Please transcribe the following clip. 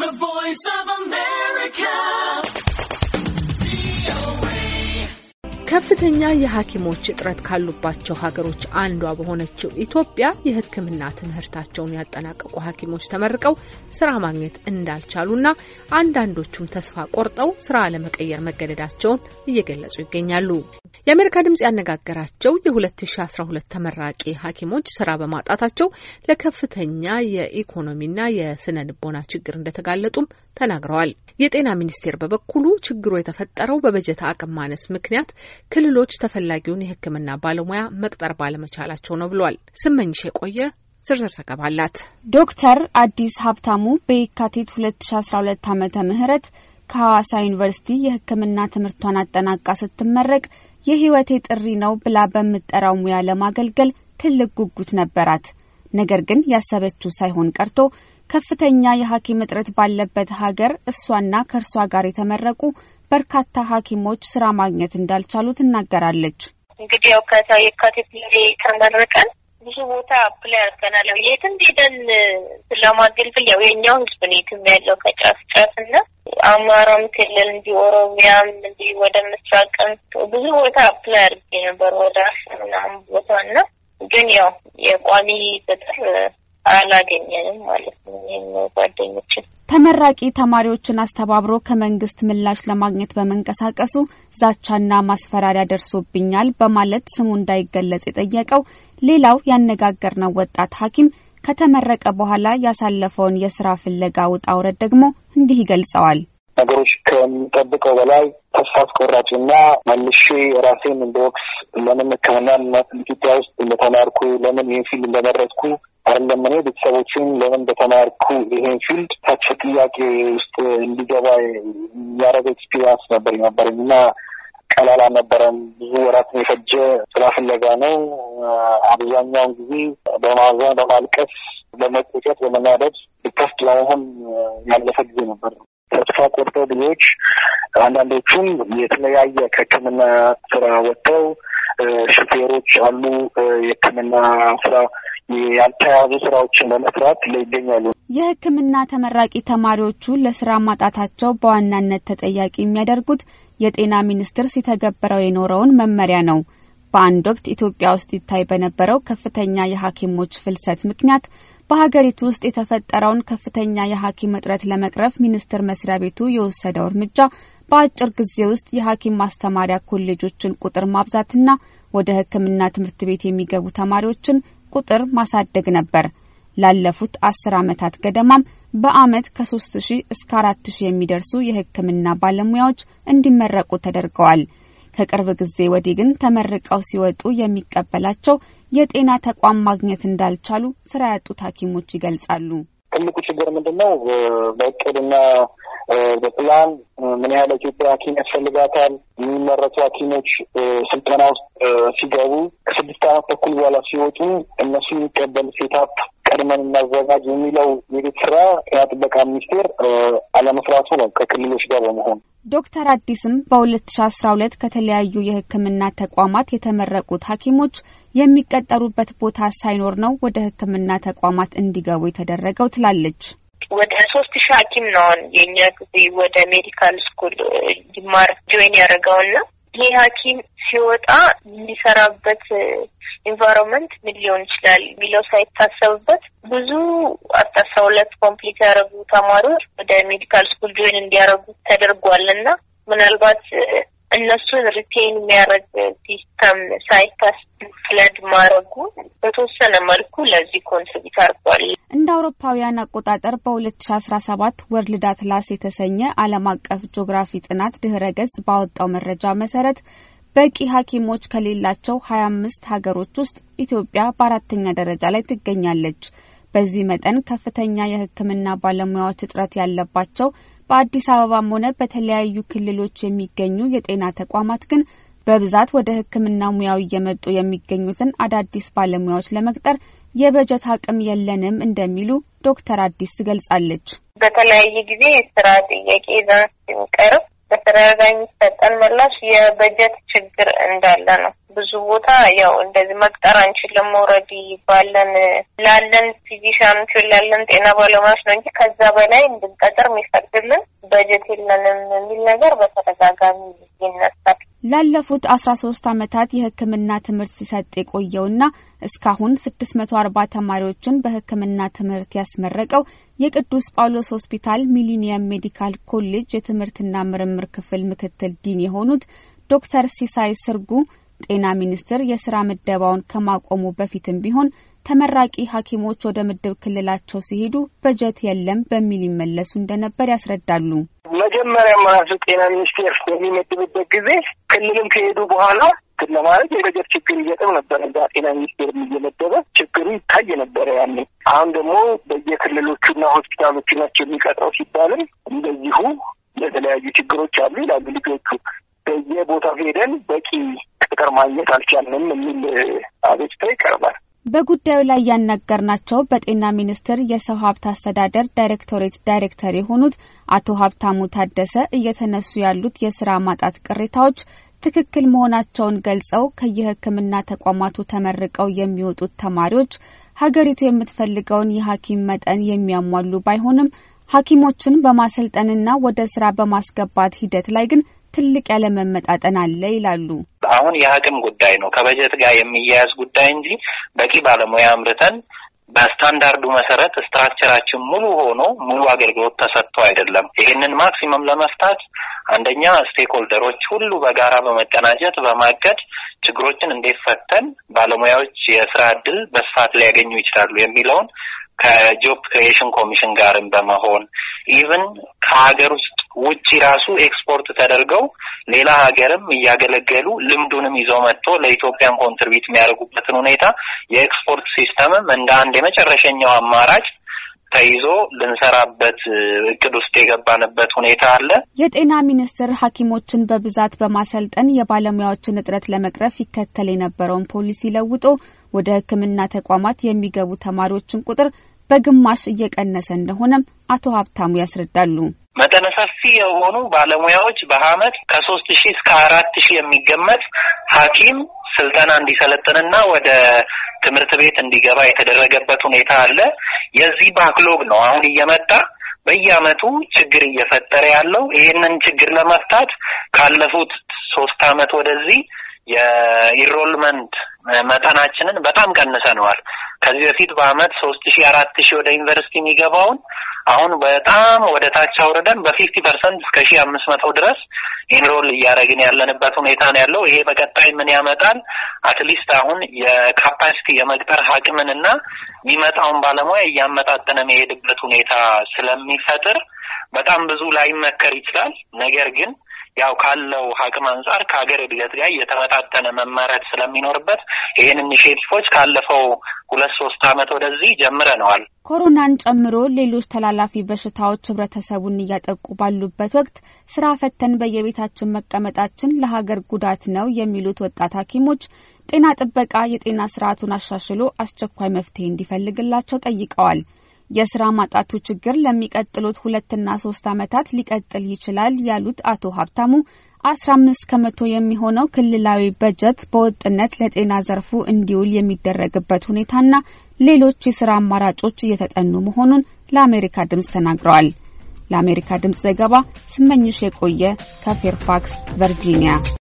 The Voice of America. ከፍተኛ የሐኪሞች እጥረት ካሉባቸው ሀገሮች አንዷ በሆነችው ኢትዮጵያ የሕክምና ትምህርታቸውን ያጠናቀቁ ሐኪሞች ተመርቀው ስራ ማግኘት እንዳልቻሉና አንዳንዶቹም ተስፋ ቆርጠው ስራ ለመቀየር መገደዳቸውን እየገለጹ ይገኛሉ። የአሜሪካ ድምጽ ያነጋገራቸው የ2012 ተመራቂ ሐኪሞች ስራ በማጣታቸው ለከፍተኛ የኢኮኖሚና የስነ ልቦና ችግር እንደተጋለጡም ተናግረዋል። የጤና ሚኒስቴር በበኩሉ ችግሩ የተፈጠረው በበጀት አቅም ማነስ ምክንያት ክልሎች ተፈላጊውን የሕክምና ባለሙያ መቅጠር ባለመቻላቸው ነው ብሏል። ስመኝሽ የቆየ ዝርዝር ዘገባ አላት። ዶክተር አዲስ ሀብታሙ በየካቲት 2012 ዓ ምህረት ከሐዋሳ ዩኒቨርሲቲ የሕክምና ትምህርቷን አጠናቃ ስትመረቅ የህይወቴ ጥሪ ነው ብላ በምጠራው ሙያ ለማገልገል ትልቅ ጉጉት ነበራት። ነገር ግን ያሰበችው ሳይሆን ቀርቶ ከፍተኛ የሐኪም እጥረት ባለበት ሀገር እሷና ከእርሷ ጋር የተመረቁ በርካታ ሐኪሞች ስራ ማግኘት እንዳልቻሉ ትናገራለች። እንግዲህ ያው ከታ ብዙ ቦታ አፕላይ አድርገናል። የትም ሄደን ስለማገልግል ያው የኛው ህዝብ ነው የትም ያለው ከጫፍ ጫፍ እና አማራም ክልል እንዲ ኦሮሚያም እንዲ ወደ ምስራቅም ብዙ ቦታ አፕላይ አድርጌ ነበር ወደ አስር ምናምን ቦታ እና ግን ያው የቋሚ ቅጥር አላገኘንም ማለት ነው። ይህም ጓደኞችን ተመራቂ ተማሪዎችን አስተባብሮ ከመንግስት ምላሽ ለማግኘት በመንቀሳቀሱ ዛቻና ማስፈራሪያ ደርሶብኛል በማለት ስሙ እንዳይገለጽ የጠየቀው ሌላው ያነጋገርነው ወጣት ሐኪም ከተመረቀ በኋላ ያሳለፈውን የስራ ፍለጋ ውጣ ውረድ ደግሞ እንዲህ ይገልጸዋል። ነገሮች ከምጠብቀው በላይ ተስፋ አስቆራጭ አስቆራጭና መልሼ ራሴን እንደወቅስ ለምን ሕክምናን ኢትዮጵያ ውስጥ እንደተማርኩ ለምን ይህን ፊልድ እንደመረጥኩ አይደለም እኔ ቤተሰቦችን ለምን እንደተማርኩ ይሄን ፊልድ ታች ጥያቄ ውስጥ እንዲገባ ያደረገ ኤክስፒሪንስ ነበር ነበረኝ እና ቀላል አልነበረም። ብዙ ወራት የፈጀ ስራ ፍለጋ ነው። አብዛኛውን ጊዜ በማዘን በማልቀስ፣ በመቆጨት፣ በመናደድ ብከፍት ለመሆን ያለፈ ጊዜ ነበር። ተስፋ ቆርጠው ብዙዎች አንዳንዶቹም የተለያየ ከህክምና ስራ ወጥተው ሹፌሮች አሉ። የህክምና ስራ ያልተያዙ ስራዎችን በመስራት ላይ ይገኛሉ። የህክምና ተመራቂ ተማሪዎቹ ለስራ ማጣታቸው በዋናነት ተጠያቂ የሚያደርጉት የጤና ሚኒስቴር ሲተገብረው የኖረውን መመሪያ ነው። በአንድ ወቅት ኢትዮጵያ ውስጥ ይታይ በነበረው ከፍተኛ የሐኪሞች ፍልሰት ምክንያት በሀገሪቱ ውስጥ የተፈጠረውን ከፍተኛ የሐኪም እጥረት ለመቅረፍ ሚኒስቴር መስሪያ ቤቱ የወሰደው እርምጃ በአጭር ጊዜ ውስጥ የሐኪም ማስተማሪያ ኮሌጆችን ቁጥር ማብዛትና ወደ ሕክምና ትምህርት ቤት የሚገቡ ተማሪዎችን ቁጥር ማሳደግ ነበር። ላለፉት አስር ዓመታት ገደማም በአመት ከ ሺህ እስከ ሺህ የሚደርሱ የሕክምና ባለሙያዎች እንዲመረቁ ተደርገዋል። ከቅርብ ጊዜ ወዲህ ግን ተመርቀው ሲወጡ የሚቀበላቸው የጤና ተቋም ማግኘት እንዳልቻሉ ስራ ያጡት ሐኪሞች ይገልጻሉ። ትልቁ ችግር ምንድን ነው? በእቅድና በፕላን ምን ያህል ኢትዮጵያ ሐኪም ያስፈልጋታል? የሚመረቱ ሐኪሞች ስልጠና ውስጥ ሲገቡ ከስድስት ዓመት ተኩል በኋላ ሲወጡ እነሱ የሚቀበል ሴታፕ ቀድመን እናዘጋጅ የሚለው የቤት ስራ ጤና ጥበቃ ሚኒስቴር አለመስራቱ ነው ከክልሎች ጋር በመሆን ዶክተር አዲስም በ2012 ከተለያዩ የሕክምና ተቋማት የተመረቁት ሐኪሞች የሚቀጠሩበት ቦታ ሳይኖር ነው ወደ ሕክምና ተቋማት እንዲገቡ የተደረገው ትላለች። ወደ ሶስት ሺህ ሐኪም ነውን የእኛ ጊዜ ወደ ሜዲካል ስኩል ሊማር ጆይን ያደረገውና ይህ ሐኪም ሲወጣ የሚሰራበት ኢንቫይሮንመንት ምን ሊሆን ይችላል የሚለው ሳይታሰብበት ብዙ አስራ ሁለት ኮምፕሊት ያደረጉ ተማሪዎች ወደ ሜዲካል ስኩል ጆይን እንዲያደርጉ ተደርጓል እና ምናልባት እነሱን ሪቴን የሚያደርግ ሲስተም ሳይታስብ ፍለድ ማድረጉ በተወሰነ መልኩ ለዚህ ኮንትሪቢት አድርጓል። እንደ አውሮፓውያን አቆጣጠር በ2017 ወርልድ አትላስ የተሰኘ ዓለም አቀፍ ጂኦግራፊ ጥናት ድህረ ገጽ ባወጣው መረጃ መሰረት በቂ ሐኪሞች ከሌላቸው 25 ሀገሮች ውስጥ ኢትዮጵያ በአራተኛ ደረጃ ላይ ትገኛለች። በዚህ መጠን ከፍተኛ የሕክምና ባለሙያዎች እጥረት ያለባቸው በአዲስ አበባም ሆነ በተለያዩ ክልሎች የሚገኙ የጤና ተቋማት ግን በብዛት ወደ ሕክምና ሙያው እየመጡ የሚገኙትን አዳዲስ ባለሙያዎች ለመቅጠር የበጀት አቅም የለንም እንደሚሉ ዶክተር አዲስ ትገልጻለች። በተለያየ ጊዜ የስራ ጥያቄ ይዘን ስንቀርብ በተደጋጋሚ የሚሰጠን ምላሽ የበጀት ችግር እንዳለ ነው። ብዙ ቦታ ያው እንደዚህ መቅጠር አንችልም፣ ኦልሬዲ ባለን ላለን ፊዚሻኖች ላለን ጤና ባለሙያዎች ነው እንጂ ከዛ በላይ እንድንቀጥር የሚፈቅድልን በጀት የለንም የሚል ነገር በተደጋጋሚ ይነሳል። ላለፉት አስራ ሶስት አመታት የሕክምና ትምህርት ሲሰጥ የቆየውና እስካሁን ስድስት መቶ አርባ ተማሪዎችን በሕክምና ትምህርት ያስመረቀው የቅዱስ ጳውሎስ ሆስፒታል ሚሊኒየም ሜዲካል ኮሌጅ የትምህርትና ምርምር ክፍል ምክትል ዲን የሆኑት ዶክተር ሲሳይ ስርጉ ጤና ሚኒስቴር የስራ ምደባውን ከማቆሙ በፊትም ቢሆን ተመራቂ ሐኪሞች ወደ ምድብ ክልላቸው ሲሄዱ በጀት የለም በሚል ይመለሱ እንደነበር ያስረዳሉ። መጀመሪያም ራሱ ጤና ሚኒስቴር በሚመድብበት ጊዜ ክልልም ከሄዱ በኋላ ክል ማለት የበጀት ችግር እየጥም ነበረ። እዛ ጤና ሚኒስቴር እየመደበ ችግሩ ይታይ ነበረ ያኔ። አሁን ደግሞ በየክልሎቹና ሆስፒታሎቹ ናቸው የሚቀጥረው ሲባልም እንደዚሁ የተለያዩ ችግሮች አሉ ይላሉ ልጆቹ። በየቦታው ሄደን በቂ ቅጥር ማግኘት አልቻልንም የሚል አቤቱታ ይቀርባል። በጉዳዩ ላይ ያናገርናቸው በጤና ሚኒስቴር የሰው ሀብት አስተዳደር ዳይሬክቶሬት ዳይሬክተር የሆኑት አቶ ሀብታሙ ታደሰ እየተነሱ ያሉት የስራ ማጣት ቅሬታዎች ትክክል መሆናቸውን ገልጸው ከየሕክምና ተቋማቱ ተመርቀው የሚወጡት ተማሪዎች ሀገሪቱ የምትፈልገውን የሐኪም መጠን የሚያሟሉ ባይሆንም ሐኪሞችን በማሰልጠንና ወደ ስራ በማስገባት ሂደት ላይ ግን ትልቅ ያለመመጣጠን አለ ይላሉ። አሁን የአቅም ጉዳይ ነው ከበጀት ጋር የሚያያዝ ጉዳይ እንጂ በቂ ባለሙያ አምርተን በስታንዳርዱ መሰረት ስትራክቸራችን ሙሉ ሆኖ ሙሉ አገልግሎት ተሰጥቶ አይደለም። ይህንን ማክሲመም ለመፍታት አንደኛ ስቴክሆልደሮች ሁሉ በጋራ በመቀናጀት በማቀድ ችግሮችን እንዴት ፈተን ባለሙያዎች የስራ እድል በስፋት ሊያገኙ ይችላሉ የሚለውን ከጆብ ክሬሽን ኮሚሽን ጋርም በመሆን ኢቭን ከሀገር ውስጥ ውጭ ራሱ ኤክስፖርት ተደርገው ሌላ ሀገርም እያገለገሉ ልምዱንም ይዘው መጥቶ ለኢትዮጵያን ኮንትሪቢዩት የሚያደርጉበትን ሁኔታ የኤክስፖርት ሲስተምም እንደ አንድ የመጨረሻኛው አማራጭ ተይዞ ልንሰራበት እቅድ ውስጥ የገባንበት ሁኔታ አለ። የጤና ሚኒስቴር ሐኪሞችን በብዛት በማሰልጠን የባለሙያዎችን እጥረት ለመቅረፍ ይከተል የነበረውን ፖሊሲ ለውጦ ወደ ሕክምና ተቋማት የሚገቡ ተማሪዎችን ቁጥር በግማሽ እየቀነሰ እንደሆነም አቶ ሀብታሙ ያስረዳሉ። መጠነ ሰፊ የሆኑ ባለሙያዎች በአመት ከሶስት ሺህ እስከ አራት ሺህ የሚገመት ሐኪም ስልጠና እንዲሰለጥንና ወደ ትምህርት ቤት እንዲገባ የተደረገበት ሁኔታ አለ። የዚህ ባክሎግ ነው አሁን እየመጣ በየአመቱ ችግር እየፈጠረ ያለው። ይህንን ችግር ለመፍታት ካለፉት ሶስት አመት ወደዚህ የኢንሮልመንት መጠናችንን በጣም ቀንሰነዋል። ከዚህ በፊት በአመት ሶስት ሺ አራት ሺ ወደ ዩኒቨርሲቲ የሚገባውን አሁን በጣም ወደ ታች አውርደን በፊፍቲ ፐርሰንት እስከ ሺ አምስት መቶ ድረስ ኢንሮል እያደረግን ያለንበት ሁኔታ ነው ያለው። ይሄ በቀጣይ ምን ያመጣል? አትሊስት አሁን የካፓሲቲ የመቅጠር አቅምን እና የሚመጣውን ባለሙያ እያመጣጠነ መሄድበት ሁኔታ ስለሚፈጥር በጣም ብዙ ላይመከር ይችላል። ነገር ግን ያው ካለው አቅም አንጻር ከሀገር እድገት ጋር እየተመጣጠነ መመረት ስለሚኖርበት ይህን ኢኒሽቲቮች ካለፈው ሁለት ሶስት ዓመት ወደዚህ ጀምረነዋል። ኮሮናን ጨምሮ ሌሎች ተላላፊ በሽታዎች ህብረተሰቡን እያጠቁ ባሉበት ወቅት ስራ ፈተን በየቤታችን መቀመጣችን ለሀገር ጉዳት ነው የሚሉት ወጣት ሐኪሞች ጤና ጥበቃ የጤና ስርዓቱን አሻሽሎ አስቸኳይ መፍትሄ እንዲፈልግላቸው ጠይቀዋል። የስራ ማጣቱ ችግር ለሚቀጥሉት ሁለትና ሶስት ዓመታት ሊቀጥል ይችላል ያሉት አቶ ሀብታሙ አስራ አምስት ከመቶ የሚሆነው ክልላዊ በጀት በወጥነት ለጤና ዘርፉ እንዲውል የሚደረግበት ሁኔታና ሌሎች የስራ አማራጮች እየተጠኑ መሆኑን ለአሜሪካ ድምፅ ተናግረዋል። ለአሜሪካ ድምፅ ዘገባ ስመኝሽ የቆየ ከፌርፋክስ ቨርጂኒያ